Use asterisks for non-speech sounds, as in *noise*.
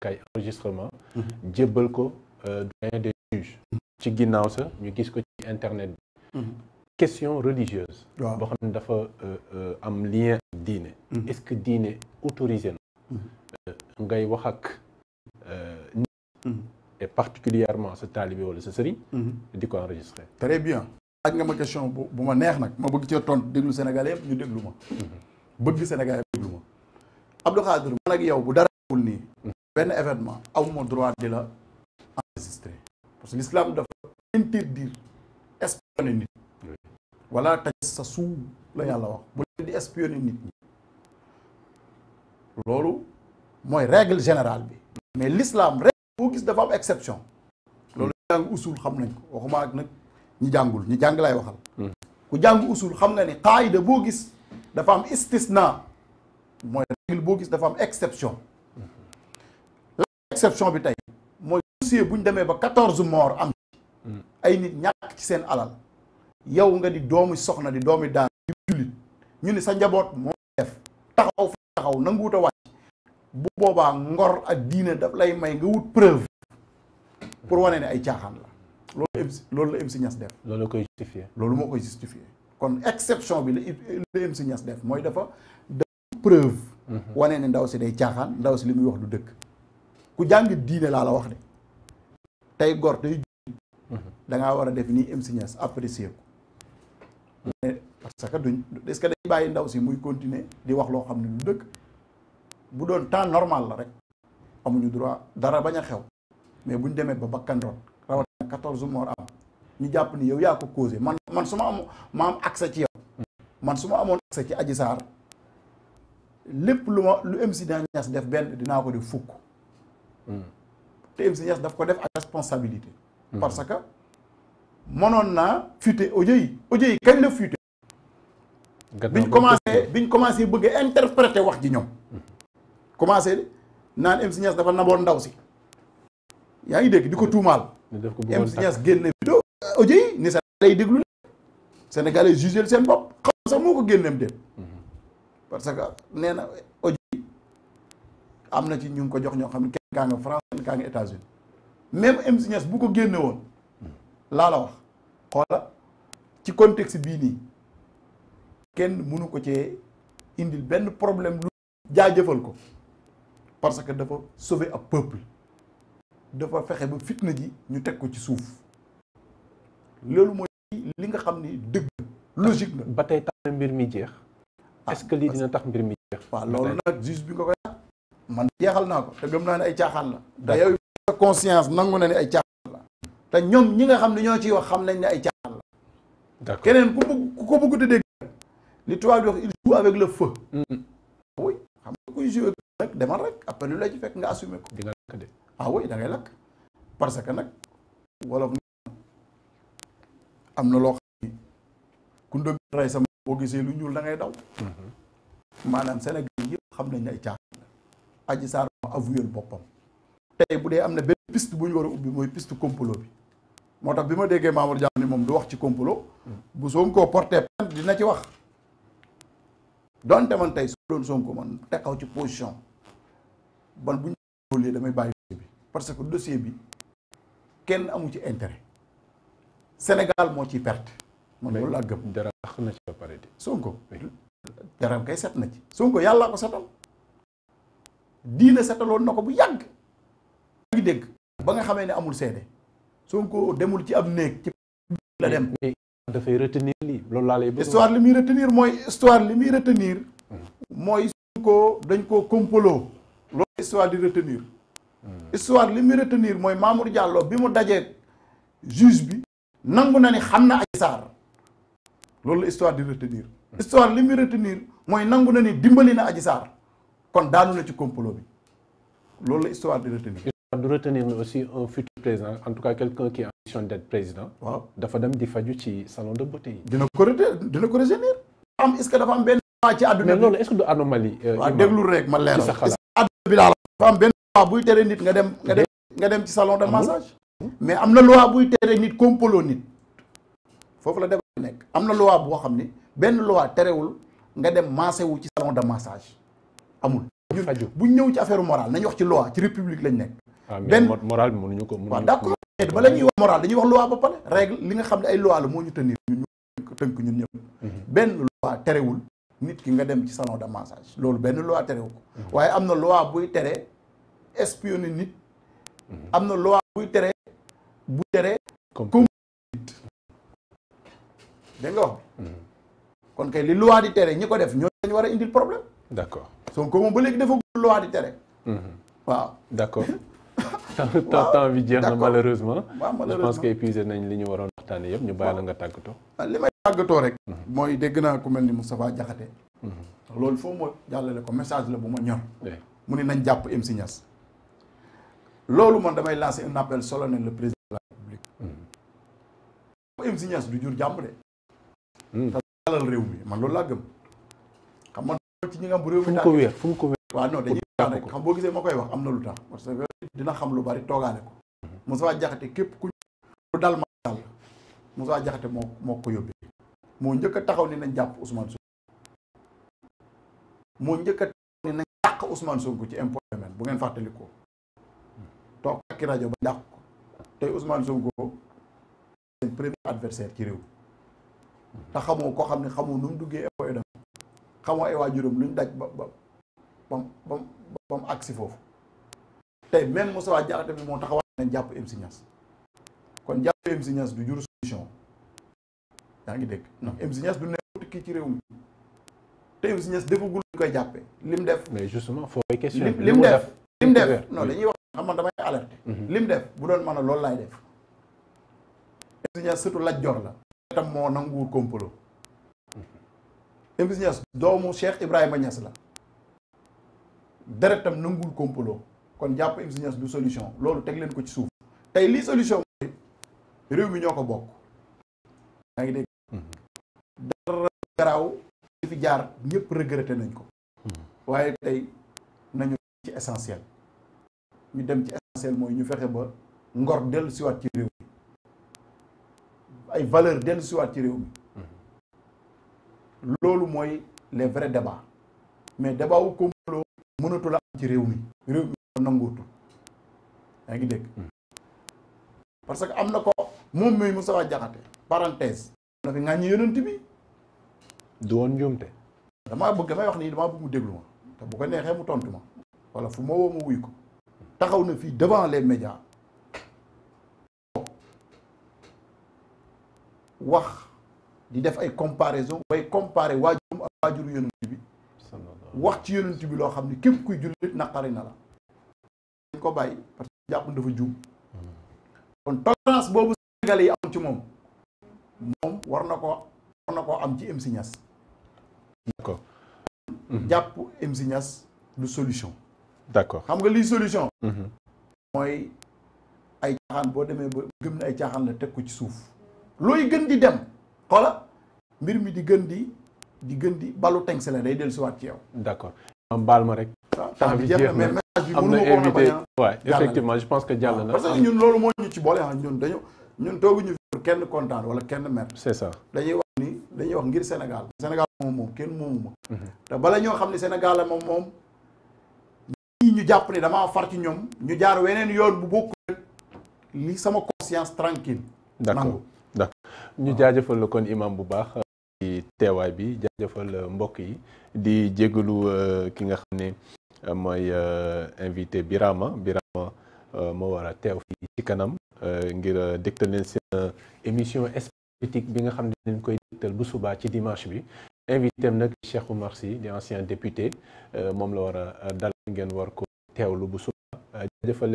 kay enregistrement mhm. jébbal ko euh, doyen de juges ci ginnaaw sax ñu gis ko ci internet bi mhm. question religieuse boo xam ne dafa euh, euh, am lien ak diine mhm. est-ce que diine autorisé na ngay wax ak nit et particulièrement sa taalibe wala sa sëriñ di ko enregistré très bien laaj nga ma question bu ma neex nag ma bëgg ci tontu déglu sénégalais yëpp ñu déglu ma bëgg sénégalais yëpp déglu ma Abdou Khadir man ak yow bu dara nii benn événement awma droit di la enregistré parce que l'islam dafa interdire espionner nit wala taj sa suu la yàlla wax bu leen di espionner nit ñi loolu mooy règle générale bi mais lislaam règle boo gis dafa am exception loolu hmm. jàng usul xam nañ ko waxuma ak nag ñi jàngul ñi jàng lay waxal hmm. ku jàng usul xam nga ni qaayida boo gis dafa am istisna mooy règle boo gis dafa am exception exception bi tey mooy dossier bu ñu demee ba quatorze morts am mm. ay nit ñàkk ci seen alal yow nga di doomu soxna di doomi daan di jullit ñu ni sa njaboot moo def taxaw fa taxaw nanguut a wàcc bu boobaa ngor ak diine daf lay may nga wut preuve pour wane ne ay caaxaan la loolu loolu la MC Niass def loolu koy justifié loolu moo koy justifié kon exception bi la MC Niass def mooy dafa dafa preuve mm-hmm. wane ne ndaw si day caaxaan ndaw si li muy wax du dëkk ku jàng diine laa la wax de tey gor tey mhm. da ngaa war a def nii MC Niass apprécier ko parce que duñ est-ce bàyyi ndaw si muy continuer di wax loo xam ne lu dëkk bu doon temps normal la rek amuñu droit dara bañ a xew mais buñ demee ba bakkan rot rawatina quatorze morts am ñu jàpp ni yow yaa ko causé man man su ma amoon ma am accès ci yow man su ma amoon accès ci Adji Sarr lépp lu ma lu MC Niass def benn dinaa ko def fukk te MC Niass daf ko def ak responsabilité. Mm-hmm. parce que mënoon naa fuité audio yi audio yi kañ la fuité. biñ commencé biñ commencé bëgg wax ji ñoom. Mm-hmm. commencé naan MC dafa naboon ndaw si. yaa ngi dégg di ko mm-hmm. tuumaal. MC Niass génne vidéo audio yi ni Sénégalais yi déglu ne. Sénégalais yi jugé seen bopp sax moo ko génneem dem. parce que nee na am na ci ñu ngi ko jox ñoo xam ne kenn kaa nga France kenn kaa nga États-Unis même MC Niass bu ko génne woon laa la wax xoola ci contexte bii nii kenn mënu ko cee indil benn problème lu jaajëfal ko parce que dafa sauver ab peuple dafa fexe ba fitna ji ñu teg ko ci suuf loolu mooy li nga xam ni dëgg logique la ba tey tax mbir mi jeex ah, est que lii dina tax mbir mi jeex waaw loolu nag juge bi nga koy man jeexal naa ko te gëm naa ne ay caaxaan la te yow conscience nangu na ne ay caaxaan la te ñoom ñi nga xam ne ñoo ciy wax xam nañ ne ay caaxaan la keneen ku bëgg ku ko bëgg te dégg li tubaab di wax il joue avec le feu mm-hmm. xam nga kuy jouer rek demal rek la ci fekk nga ko di nga lakk de ah oui da ngay parce que nag wolof am na loo xam ni ku ndëgg rey sama boo gisee lu ñuul da ngay daw mm-hmm. maanaam Sénégal yëpp xam nañ ne ay caaxaan Adji Sarr moo avoué boppam tey bu dee am na benn piste bu ñu war a ubbi mooy piste complot bi moo tax bi ma déggee Mamour Diallo ni moom du wax ci complot bu Sonko porte plainte dina ci wax donte man tey su doon Sonko man taxaw ci position ban bu ñu damay bàyyi bi parce que dossier bi kenn amu ci intérêt Sénégal moo ciy perte man loolu laa gëm dara xax na ci ba pare de Sonko dara kay set na ci Sonko yàlla ko setal diine setaloon na ko bu yàgg ngi dégg ba nga xamee ne amul seede ko demul ci ab néeg ci dafay retenir lii loolu laa lay bëgg histoire li muy retenir mooy histoire li muy retenir hmm. mooy Sonko dañ koo kompoloo loolu histoire di retenir hmm. histoire li muy retenir mooy Mamour Diallo bi mu dajee juge bi nangu na ni xam na Adji Sarr loolu la histoire di retenir hmm. histoire li muy retenir mooy nangu na ni dimbali na Adji Sarr kon daanu na ci complot bi loolu la histoire di retenir. histoire di aussi un futur président en tout cas quelqu'un qui a ambition d'être président. di faju ci salon de beauté yi. dina ko dina ko retenir. am est-ce que dafa am benn ci àdduna bi mais loolu est-ce euh, ma leeral ci sa xalaat àdduna bi daal dafa am benn loi buy tere nit nga dem nga dem ci salon de massage. mais am na loi buy tere nit compolo nit foofu la dem def nekk am na loi boo xam ni benn loi terewul nga dem massé wu ci salon de massage. amul ñun bu ñëw ci affaire morale nañu wax ci loi ci république lañ nekk ah, benn moral bi mënuñu ko waaw d'accord bala ñuy wax moral dañuy wax loi ba li nga xam ne ay loi la moo ñu tenir ñun ñu tënk ñun ñëpp mhm. benn loi terewul nit ki nga dem ci salon de loolu benn loi terewu ko mhm. waaye am na loi buy tere espionner nit mhm. am na loi buy tere bu tere comme nit dégg nga wax kon kay li loi di tere ñi ko def ñoo dañu war a indil problème d'accord Sonko moom ba léegi dafa gudd loi di tere. Mhm. waaw d' accord. *laughs* *laughs* temps temps bi jeex na malheureusement. waaw malheureusement nañ li ñu waroon waxtaanee yëpp ñu bàyyi la nga tàggatoo. Ah, li may tàggatoo rek. Mhm. mooy dégg naa ko mel ni mu Moustapha Diakhaté. Mhm. loolu foo ma jàllale ko message la bu ma ñor. mu ne nañ jàpp MC loolu man damay lancer un appel solennel le président la république. MC jur jàmm réew mi man loolu laa gëm. ci ñi nga bu réew mi fu mu ko wéer fu mu ko wéer waaw non dañuy wax rek xam boo gisee ma koy wax am na lu tax parce que dina xam lu bari toogaale ko mhm. Moussa Diakhaté képp ku ñu dal ma dal Moussa Diakhaté moo moo ko yóbbee moo njëkk a taxaw ni nañ jàpp Ousmane Sonko moo njëkk a taxaw ni nañ dàq Ousmane Sonko ci impôt bu ngeen fàttali ko toog ak rajo ba dàq ko tey Ousmane Sonko seen premier adversaire ci réew te xamoo ko xam ne xamoo nu mu duggee impôt xamoo ay waajuram lu ñu daj ba ba bam bam bam agsi foofu tey même Moustapha Diakhaté bi moo taxawaat nañ jàpp MC kon jàpp MC Niass du jur solution yaa ngi dégg ndax MC Niass du nekk kii ci réew mi te MC Niass defagul ñu koy jàppee lim def. mais justement fooy question lim def lim def non dañuy wax xam man damay alerté mhm. lim def bu doon man a loolu laay def MC Niass surtout laj jor la tam moo nanguwul complot Memphis doomu doomu Cheikh Ibrahima ñas la deretam nangul complot kon jàpp Memphis Niass du solution loolu teg leen ko ci suuf tey lii solution mooy réew mi ñoo ko bokk yaa ngi dégg dara garaaw li fi jaar ñëpp regretté nañ ko waaye tey nañu ci essentiel ñu dem ci essentiel mooy ñu fexe ba ngor dellu siwaat ci réew mi ay valeur dellu siwaat ci réew mi loolu mooy les vrais débats mais débat wu complot mënatul a am ci réew mi réew mi nanguutu yaa ngi dégg hmm. parce que am na ko moom mooy Moustapha Diakhaté parenthèse na fi ŋàññi yonent bi du woon njuumte damaa bëgg damay wax nii damaa bëgg mu déglu ma te bu ko neexee mu tontu ma wala fu ma woo ma wuy ko taxaw na fii devant les médias wax di def ay comparaison way comparé waajurum ak waajuru yonent bi wax ci yonent bi loo xam ne képp kuy jullit naqari na la dañ ko bàyyi parce que jàpp dafa juum kon tolérance boobu Sénégalais yi am ci moom moom war na ko war na koo am ci MC Niass jàpp MC du solution d'accord xam nga liy solution mm-hmm. mooy ay caaxaan boo demee ba gëm ne ay caaxaan la teg ko ci suuf looy gën di dem xoola mbir mi di gën di di gën di balu teng la day dellu si waat ci yow. d'accord am baal ma rek. Ah, temps bi jeex na am na invité waaw effectivement je pense que jàll ah, na. parce que ñun loolu moo ñu ci boole ah ñun dañu ñun tooguñu pour kenn kontaan wala kenn mer. c'est ça dañuy wax ni dañuy wax ngir Sénégal. Sénégal moom moom kenn moomu ma. Mhm. te bala ñoo xam ne Sénégal moom moom ñii ñu jàpp ne damaa far ci ñoom ñu jaar weneen yoon bu bokk li sama conscience tranquille nangu ñu jaajëfal la kon imam bu baax euh, ci teewaay bi jaajëfal euh, mbokk yi di jégalu euh, ki nga xam ne mooy invité Birama Birama moo war a teew fii ci kanam ngir dégtal leen seen émission politique bi nga xam ne dañ koy dégtal bu subaa ci dimanche bi invité am nag Cheikh Oumar Sy di ancien député moom la war a dal ngeen war ko teewlu bu subaa jaajëfal